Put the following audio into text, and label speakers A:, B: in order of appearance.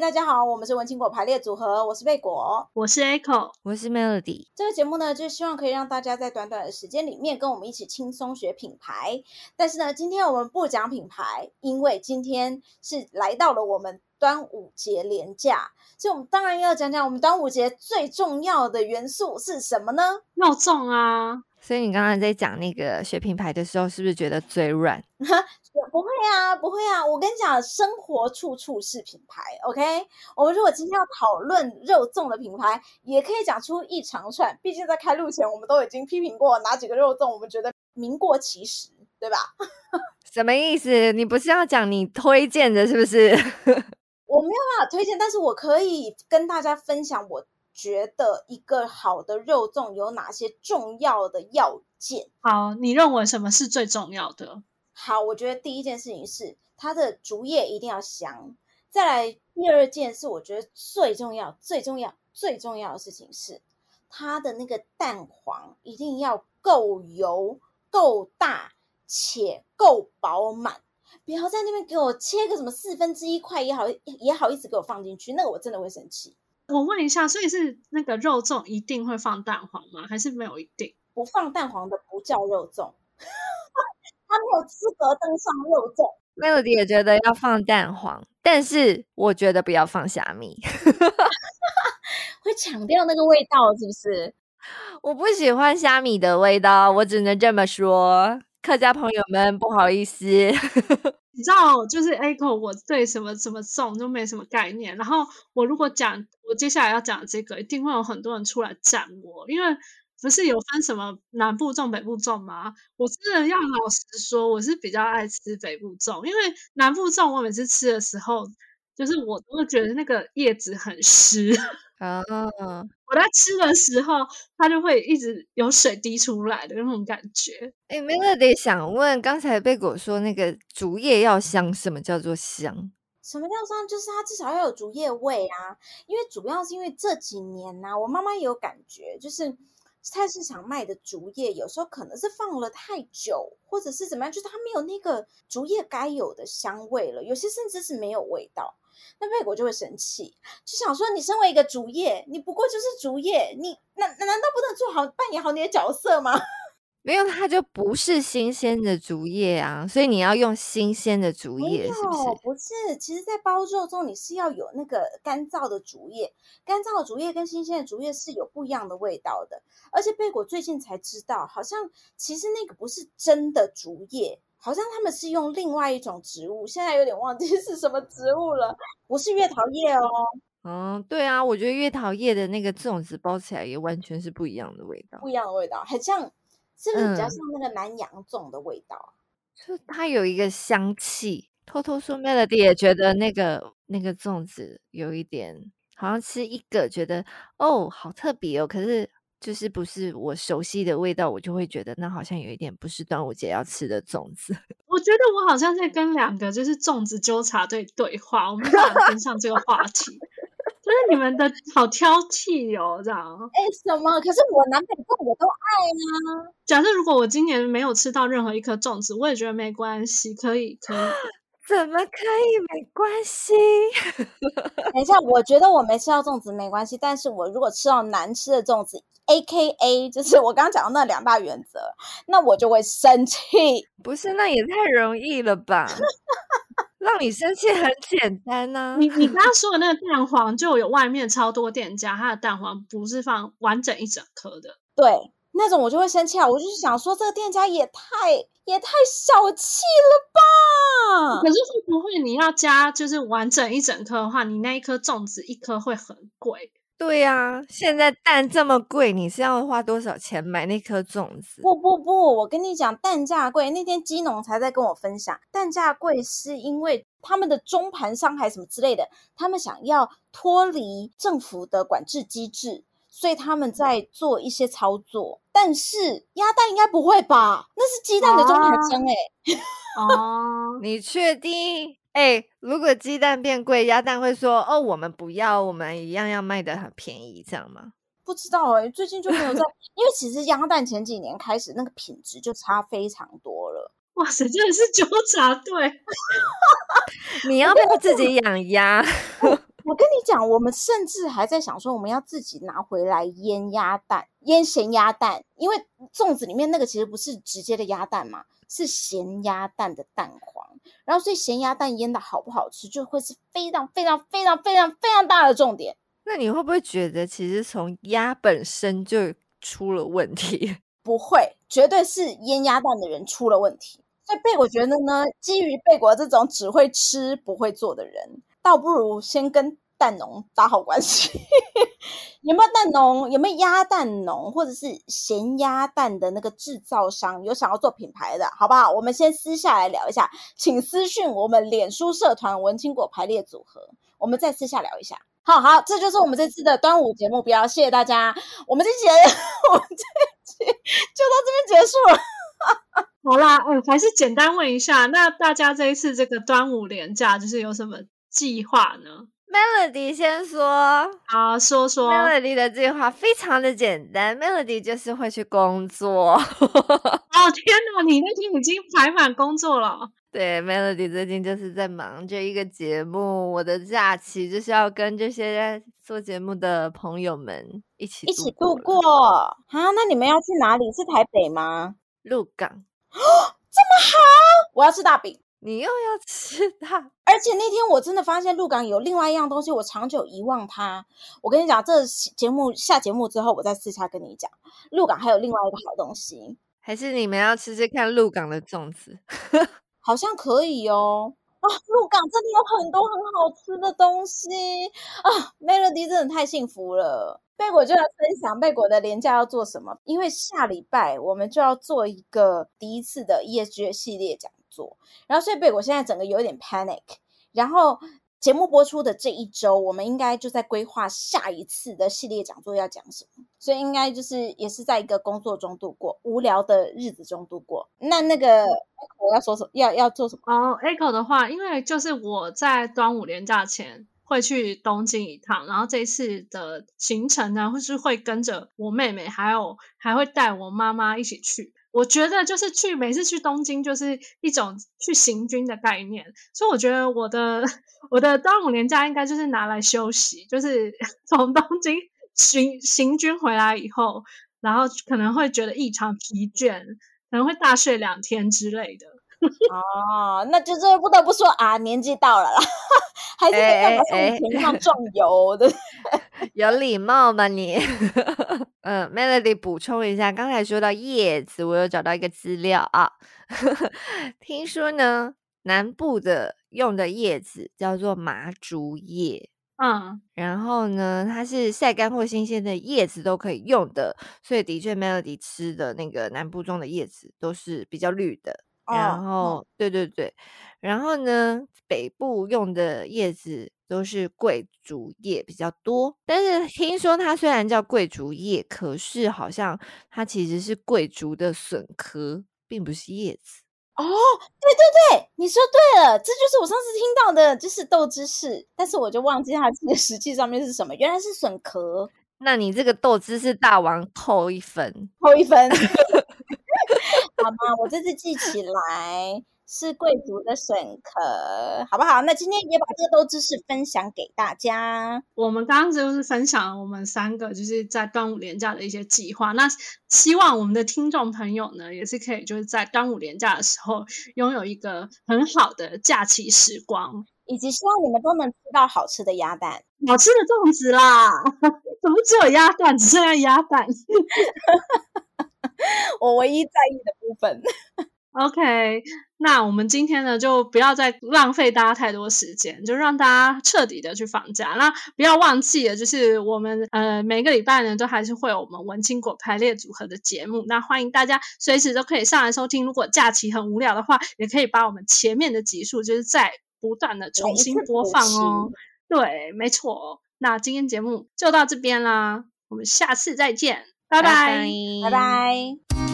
A: 大家好，我們是文青果排列組合，我是貝果，
B: 我是 Echo，我是 Melody。
A: 這個節目呢，就希望可以讓大家在短短的時間裡面跟我們一起輕鬆學品牌。但是呢，今天我們不講品牌，因為今天是來到了我們端午節連假，所以我們當然要講講我們端午節最重要的元素是什麼呢？
B: 鬧鐘啊！所以你剛剛在講那個學品牌的時候，是不是覺得嘴軟？ 我
A: 不會對啊，不會啊！我跟你講，生活處處是品牌，OK？我們如果今天要討論肉粽的品牌，也可以講出一長串。畢竟在開錄前，我們都已經批評過哪幾個肉粽，我們覺得名過其實，對吧？
B: 什麼意思？你不是要講你推薦的，是不是？
A: 我沒有辦法推薦，但是我可以跟大家分享，我覺得一個好的肉粽有哪些重要的要件。
C: 好，你認為什麼是最重要的？
A: 好，我覺得第一件事情是它的竹葉一定要香。再來，第二件事，我覺得最重要、最重要、最重要的事情是它的那個蛋黃一定要夠油、夠大且夠飽滿。不要在那邊給我切個什麼四分之一塊也好，也好意思給我放進去，那個我真的會生氣。
C: 我問一下，所以是那個肉粽一定會放蛋黃嗎？還是沒有一定？不放蛋黃的不叫肉粽？
B: 有資格登上六座 Melody 也覺得要放蛋黃，但是我覺得不要放蝦米，
A: 會搶掉那個味道，是不是？
B: 我不喜歡蝦米的味道，我只能這麼說，客家朋友們不好意思。
C: 你知道，就是 Echo，我對什麼什麼粽都沒什麼概念，然後我如果講我接下來要講這個，一定會有很多人出來讚我，因為。不是有分什麼南部粽、北部粽嗎？我真的要老實說，我是比較愛吃北部粽，因為南部粽我每次吃的時候，就是我都會覺得那個葉子很濕
B: 啊，哦、
C: 我在吃的時候，它就會一直有水滴出來的那種感覺。
B: 哎 Melody 得想問，剛才貝果說那個竹葉要香，什麼叫做香？
A: 什麼叫香？就是它至少要有竹葉味啊，因為主要是因為這幾年呢、啊，我媽媽也有感覺，就是。菜市場賣的竹葉，有時候可能是放了太久，或者是怎麼樣，就是它沒有那個竹葉該有的香味了。有些甚至是沒有味道，那貝果就會生氣，就想說，你身為一個竹葉，你不過就是竹葉，你難難道不能做好扮演好你的角色嗎？
B: 沒有，它就不是新鮮的竹葉啊，所以你要用新鮮的竹葉是是，是
A: 不是？不是，其實，在包粽中包肉粽，你是要有那個乾燥的竹葉，乾燥的竹葉跟新鮮的竹葉是有不一樣的味道的。而且貝果最近才知道，好像其實那個不是真的竹葉，好像他們是用另外一種植物，現在有點忘記是什麼植物了。不是月桃葉哦。嗯，
B: 對啊，我覺得月桃葉的那個粽子包起來也完全是不一樣的味道，
A: 不一樣的味道，很像。這個比較像那個南洋粽的味道，啊
B: 嗯、就它有一個香氣。偷偷說 Melody 也覺得那個那個粽子有一點，好像吃一個覺得哦好特別哦，可是就是不是我熟悉的味道，我就會覺得那好像有一點不是端午節要吃的粽子。
C: 我覺得我好像在跟兩個就是粽子糾察隊對話，我們沒辦法跟上這個話題。 那 你們的好挑剔哦，這樣。
A: 哎、欸，什麼？可是我南北粽我都愛呢、啊。
C: 假設如果我今年沒有吃到任何一顆粽子，我也覺得沒關係，可以，可以。
A: 怎麼可以？沒關係。 等一下，我覺得我沒吃到粽子沒關係，但是我如果吃到難吃的粽子，AKA，就是我剛剛講的那兩大原則， 那我就會生氣。不是，那也太容易了吧。 讓你生氣很簡單吶、啊。 你你剛剛
C: 說的那個蛋黃就有外面超多店家，它的蛋黃不是放完整一整顆的。
A: 對，那種我就會生氣啊！我就是想說，這個店家也太也太小氣了吧！可是會不會你要加就是
C: 完整一整顆的話，你那一顆粽子一顆會很
B: 貴。對呀、啊，現在蛋這麼貴，你是要花多少錢買那顆種子？不不不，我跟你講，蛋價
A: 貴，那天雞農才在跟我分享，蛋價貴是因為他們的中盤商還什麼之類的，他們想要脫離政府的管制機制，所以他們在做一些操作。但是鴨蛋應該不會吧？那是雞蛋的中盤商哎。
B: 哦、啊， 你確定？哎、欸，如果雞蛋變貴，鴨蛋會說：“哦，我們不要，我們一樣要賣得很便宜，這樣嗎？”
A: 不知道哎、欸，最近就沒有在， 因為其實鴨蛋前幾年開始，那個品質就差非常多了。哇塞，真的是糾察隊！對 你要不要自己養鴨？我跟你講，我們甚至還在想說，我們要自己拿回來醃鴨蛋。醃鹹鴨蛋，因為粽子裡面那個其實不是直接的鴨蛋嘛，是鹹鴨蛋的蛋黃。然後，所以鹹鴨蛋醃的好不好吃，就會是非常非常非常非常非常大的重點。
B: 那你會不會覺得，其實從鴨本身就出了問題？
A: 不會，絕對是醃鴨蛋的人出了問題。所以，貝果覺得呢，基於貝果這種只會吃不會做的人，倒不如先跟。蛋農打好關係， 有沒有蛋農？有沒有鴨蛋農，或者是鹹鴨蛋的那個製造商？有想要做品牌的好不好？我們先私下來聊一下，請私訊我們臉書社團“文青果排列組合”，我們再私下聊一下。好好，這就是我們這次的端午節目標，嗯、謝謝大家，我們這節我們這期就到這邊結束了。
C: 好啦，嗯、欸，還是簡單問一下，那大家這一次這個端午連假就是有什麼
B: 計劃呢？Melody 先說啊，說說 Melody 的計劃非常的簡單，Melody 就是會去工作。 哦，天哪，你那天已經排滿工作了。對，Melody 最近就是在忙着一個節目，我的假期就是要跟這些在做節目的朋友們一起一起度過。啊，那你們要去哪裡？是台北嗎？鹿港。
A: 哦，這麼好，我要吃大餅。你又要吃它，而且那天我真的發現鹿港有另外一樣東西，我長久遺忘它。我跟你講，這節目下節目之後，我再私下跟你講，鹿港還有另外一個好東西。還是你們要吃吃看鹿港
B: 的粽子？
A: 好像可以哦。啊、哦，鹿港真的有很多很好吃的東西啊。Melody 真的太幸福了。貝果就要分享貝果的連假要做什麼，因為下禮拜我們就要做一個第一次的 ESG 系列講。然後，所以貝果現在整個有點 panic。然後節目播出的這一周，我們應該就在規劃下一次的系列講座要講什麼。所以應該就是也是在一個工作中度過，無聊的日子中度過。那那個 Echo 要說什要要做什麼？哦，Echo 的話，因為就是我在端午
C: 連假前會去東京一趟，然後這一次的行程呢，會是會跟着我妹妹，還有還會帶我媽媽一起去。我覺得就是去每次去東京就是一種去行軍的概念，所以我覺得我的我的端午年假，應該就是拿來休息，就是從東京行行軍回來以後，然後可能會覺得異常疲倦，可能會大睡兩天
A: 之類的。哦，那就是不得不說啊，年紀到了啦， 還是不能從田上撞油的。哎哎哎
B: 有禮貌嗎你 嗯？嗯，Melody 補充一下，剛才說到葉子，我有找到一個資料啊呵呵。聽說呢，南部的用的葉子叫做麻竹葉，
C: 嗯，
B: 然後呢，它是曬乾或新鮮的葉子都可以用的，所以的確 Melody 吃的那個南部中的葉子都是比較綠的。然後，哦、對對對，然後呢，北部用的葉子。都是桂竹葉比較多，但是聽說它雖然叫桂竹葉，可是好像它其實是桂竹的筍殼，並不是葉子。
A: 哦，對對對，你說對了，這就是我上次聽到的，就是豆知識，但是我就忘記它實際上面是什麼，原來是筍殼。
B: 那你這個豆知識大王扣一分，扣一
A: 分。 好吧，我這次記起來。是貴族的筍可、嗯、好不好？那今天也把這麼多知識分享給大家。我們剛剛就是分享了我們三個，就是在端
C: 午連假的一些計劃。那希望我們的聽眾朋友呢，也是可以就是在端午連假的時候擁有一個很好的假期時光，以及希望你們都
A: 能吃到好吃的鴨蛋、
C: 好吃的粽子啦。 怎麼只有鴨蛋？只剩下鴨蛋？
A: 我唯一在意的部分。
C: OK，那我們今天呢，就不要再浪費大家太多時間，就讓大家徹底的去放假。那不要忘記了，就是我們呃每個禮拜呢，都還是會有我們文青果排列組合的節目。那歡迎大家隨時都可以上來收聽。如果假期很無聊的話，也可以把我們前面的集數，就是再不斷的重新播放哦。對，對，沒錯。那今天節目就到這邊啦，我們下次再見，
B: 拜拜，拜
C: 拜 bye。Bye bye